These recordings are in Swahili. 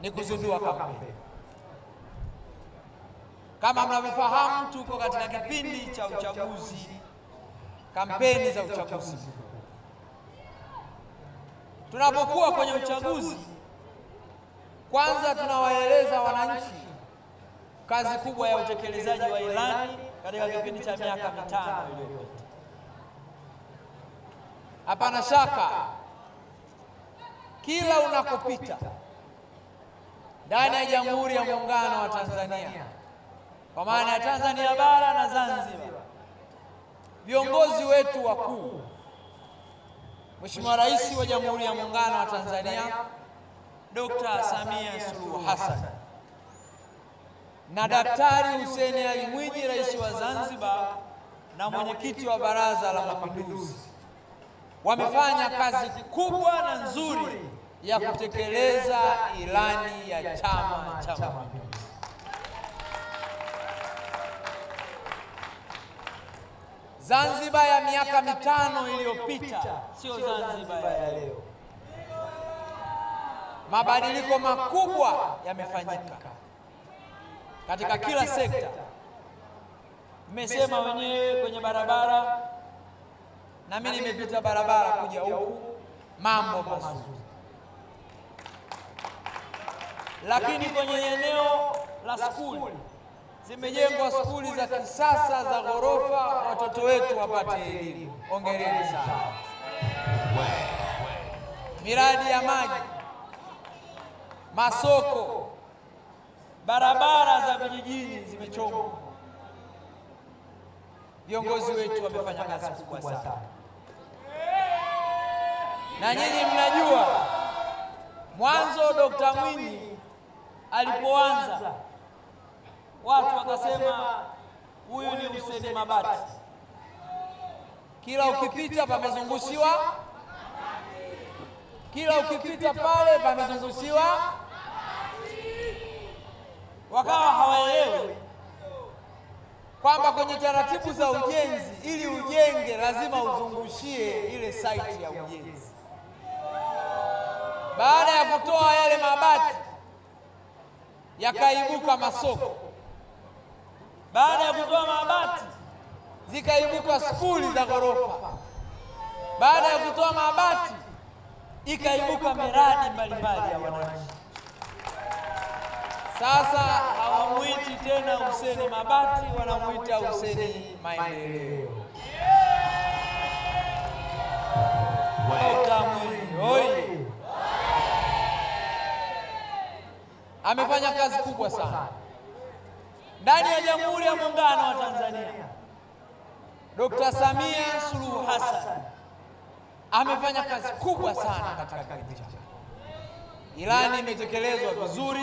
ni kuzindua kampeni. Kama mnavyofahamu, tuko katika kipindi cha uchaguzi, kampeni za uchaguzi. Tunapokuwa kwenye uchaguzi, kwanza tunawaeleza wananchi kazi kubwa ya utekelezaji wa ilani katika kipindi cha miaka mitano iliyopita. Hapana shaka kila unakopita ndani ya Jamhuri ya Muungano wa Tanzania kwa maana ya Tanzania bara na Zanzibar. Viongozi wetu wakuu, Mheshimiwa Rais wa Jamhuri ya Muungano wa Tanzania Dr. Samia Suluhu Hassan na Daktari Hussein Ali Mwinyi, Rais wa Zanzibar na mwenyekiti wa Baraza la Mapinduzi, wamefanya kazi kubwa na nzuri ya kutekeleza ilani ya Chama cha Mapinduzi. Zanzibar ya miaka mitano iliyopita sio Zanzibar ya leo. Mabadiliko makubwa yamefanyika katika kila sekta. Mmesema wenyewe kwenye barabara, na mimi nimepita barabara kuja huku, mambo mazuri lakini kwenye eneo la skuli zimejengwa skuli za kisasa za ghorofa, watoto wetu wapate elimu. ongereni sana. Miradi ya maji, masoko, barabara za vijijini zimechongwa. Viongozi wetu wamefanya kazi kubwa sana, na nyinyi mnajua mwanzo Dkt. Mwinyi alipoanza watu wakasema huyu ni Hussein Mabati, kila ukipita pamezungushiwa, kila ukipita pale pamezungushiwa. Wakawa hawaelewi kwamba kwenye taratibu za ujenzi, ili ujenge lazima uzungushie ile site ya ujenzi. Baada ya kutoa yale mabati yakaibuka masoko, baada ya kutoa mabati zikaibuka skuli za ghorofa, baada ya kutoa mabati ikaibuka miradi mbalimbali ya wananchi. Sasa hawamwiti tena Huseni Mabati, wanamwita Huseni Maendeleo. amefanya kazi kubwa sana ndani ya Jamhuri ya Muungano wa Tanzania. Dr. Samia Suluhu Hassan amefanya kazi kubwa sana katika kipindi chake. Ilani imetekelezwa vizuri,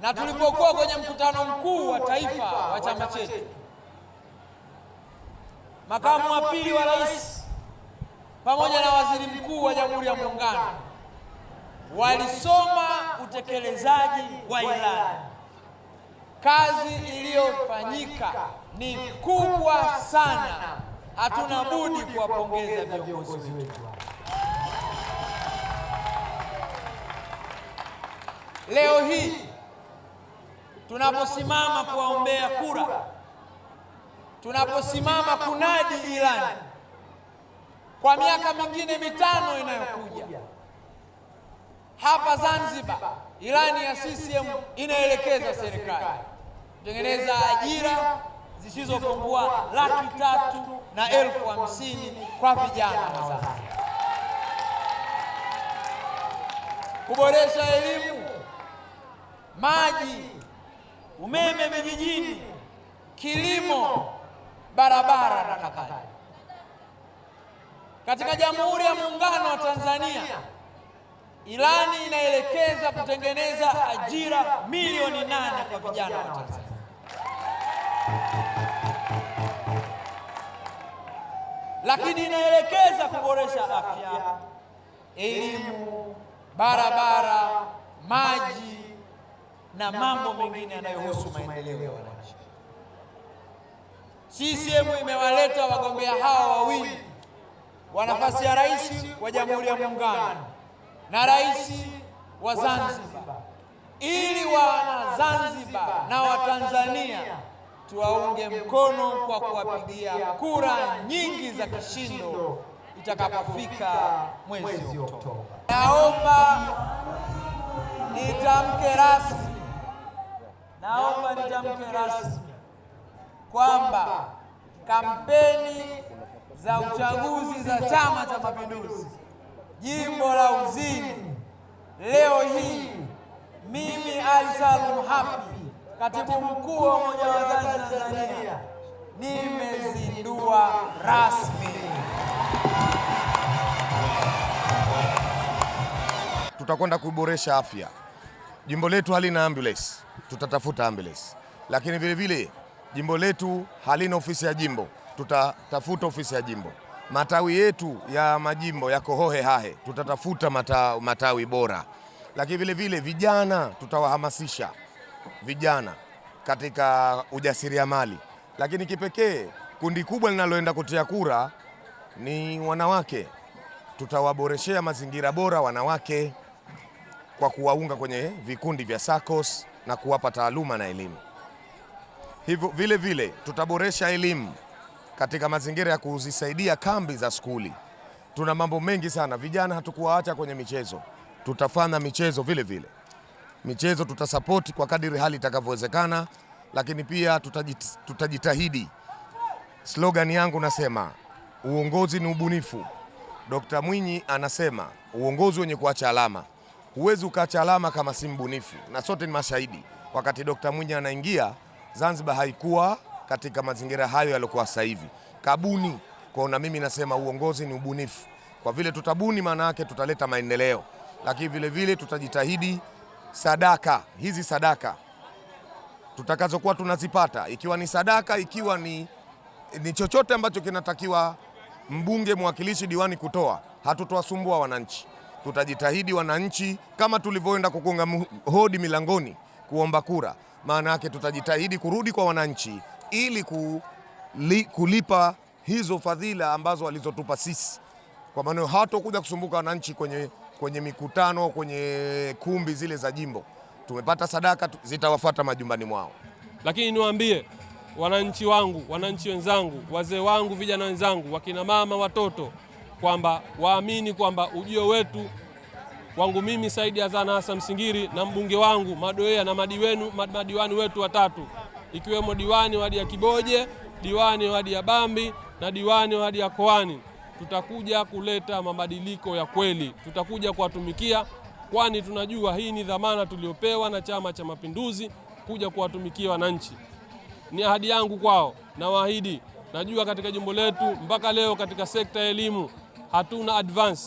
na tulipokuwa kwenye mkutano mkuu wa taifa wa chama chetu, makamu wa pili wa rais pamoja na waziri mkuu wa Jamhuri ya Muungano walisoma utekelezaji wa ilani. Kazi iliyofanyika ni kubwa sana, hatuna budi kuwapongeza viongozi wetu. Leo hii tunaposimama kuwaombea kura, tunaposimama kunadi ilani kwa miaka mingine mitano inayokuja hapa Zanzibar ilani ya CCM inaelekeza serikali kutengeneza ajira zisizopungua laki tatu na elfu hamsini kwa vijana wa Zanzibar, kuboresha elimu, maji, umeme vijijini, kilimo, barabara na kadhalika. Katika Jamhuri ya Muungano wa Tanzania Ilani inaelekeza kutengeneza ajira milioni nane kwa vijana wa Tanzania. Lakini inaelekeza kuboresha afya, elimu, barabara, maji na mambo mengine yanayohusu maendeleo ya wananchi. CCM imewaleta wagombea hawa wawili wa nafasi ya rais wa Jamhuri ya Muungano na rais wa Zanzibar ili wana Zanzibar na Watanzania tuwaunge mkono kwa kuwapigia kura nyingi za kishindo itakapofika mwezi Oktoba. Naomba nitamke rasmi, naomba nitamke rasmi kwamba kampeni za uchaguzi za Chama cha Mapinduzi jimbo la Uzini. Leo hii mimi Ali Salum Hapi, katibu mkuu wa Umoja wa Wazazi Tanzania, nimezindua rasmi. Tutakwenda kuboresha afya. Jimbo letu halina ambulance, tutatafuta ambulance, lakini vilevile jimbo letu halina ofisi ya jimbo, tutatafuta ofisi ya jimbo matawi yetu ya majimbo yako hohe hahe, tutatafuta mata, matawi bora, lakini vile vile vijana tutawahamasisha vijana katika ujasiriamali, lakini kipekee kundi kubwa linaloenda kutia kura ni wanawake. Tutawaboreshea mazingira bora wanawake kwa kuwaunga kwenye vikundi vya SACCOS na kuwapa taaluma na elimu. Hivyo vile vile tutaboresha elimu katika mazingira ya kuzisaidia kambi za skuli. Tuna mambo mengi sana, vijana hatukuwaacha kwenye michezo, tutafanya michezo vile vile. Michezo tutasapoti kwa kadiri hali itakavyowezekana, lakini pia tutajit, tutajitahidi. Slogan yangu nasema uongozi ni ubunifu. Dr. Mwinyi anasema uongozi wenye kuacha alama. Huwezi ukaacha alama kama si mbunifu, na sote ni mashahidi. Wakati Dr. Mwinyi anaingia, Zanzibar haikuwa katika mazingira hayo yaliokuwa sasa hivi, kabuni kwao. Na mimi nasema uongozi ni ubunifu, kwa vile tutabuni, maana yake tutaleta maendeleo, lakini vile vile tutajitahidi sadaka hizi, sadaka tutakazokuwa tunazipata, ikiwa ni sadaka, ikiwa ni, ni chochote ambacho kinatakiwa mbunge, mwakilishi, diwani kutoa, hatutowasumbua wananchi. Tutajitahidi wananchi kama tulivyoenda kukunga hodi milangoni kuomba kura, maana yake tutajitahidi kurudi kwa wananchi ili kulipa hizo fadhila ambazo walizotupa sisi, kwa maana hatokuja kusumbuka wananchi kwenye, kwenye mikutano kwenye kumbi zile za jimbo. Tumepata sadaka zitawafata majumbani mwao. Lakini niwaambie wananchi wangu, wananchi wenzangu, wazee wangu, vijana wenzangu, wakina mama, watoto, kwamba waamini kwamba ujio wetu wangu mimi Saidi Azana Hassan Msingiri na mbunge wangu Madoea na madiwenu, madiwani wetu watatu ikiwemo diwani wadi ya Kiboje, diwani wadi ya Bambi na diwani wadi ya Koani. Tutakuja kuleta mabadiliko ya kweli, tutakuja kuwatumikia, kwani tunajua hii ni dhamana tuliopewa na Chama cha Mapinduzi kuja kuwatumikia wananchi. Ni ahadi yangu kwao na waahidi. Najua katika jimbo letu mpaka leo katika sekta ya elimu hatuna advance,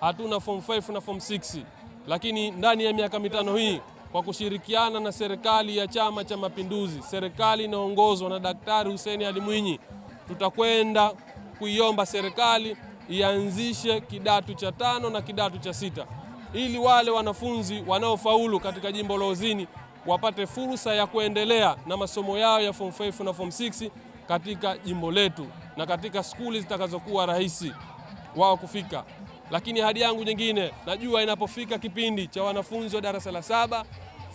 hatuna form 5 na form 6, lakini ndani ya miaka mitano hii kwa kushirikiana na serikali ya Chama cha Mapinduzi, serikali inaongozwa na Daktari Hussein Ali Mwinyi, tutakwenda kuiomba serikali ianzishe kidato cha tano na kidato cha sita ili wale wanafunzi wanaofaulu katika jimbo la Uzini wapate fursa ya kuendelea na masomo yao ya form 5 na form 6 katika jimbo letu na katika skuli zitakazokuwa rahisi wao kufika. Lakini hadi yangu nyingine, najua inapofika kipindi cha wanafunzi wa darasa la saba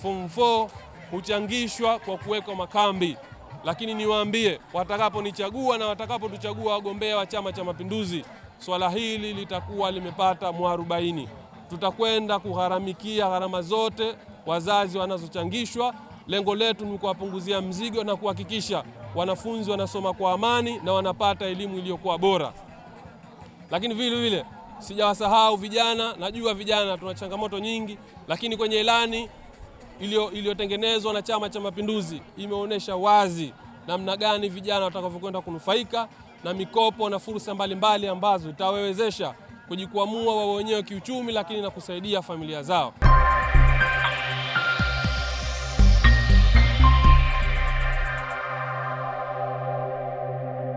form 4 huchangishwa kwa kuwekwa makambi. Lakini niwaambie watakaponichagua na watakapotuchagua wagombea wa Chama cha Mapinduzi, swala hili litakuwa limepata mwarobaini. Tutakwenda kugharamikia gharama zote wazazi wanazochangishwa. Lengo letu ni kuwapunguzia mzigo na kuhakikisha wanafunzi wanasoma kwa amani na wanapata elimu iliyokuwa bora. Lakini vile vile sijawasahau vijana. Najua vijana tuna changamoto nyingi, lakini kwenye ilani iliyotengenezwa na Chama cha Mapinduzi imeonyesha wazi namna gani vijana watakavyokwenda kunufaika na mikopo na fursa mbalimbali ambazo itawawezesha kujikwamua wao wenyewe kiuchumi, lakini na kusaidia familia zao.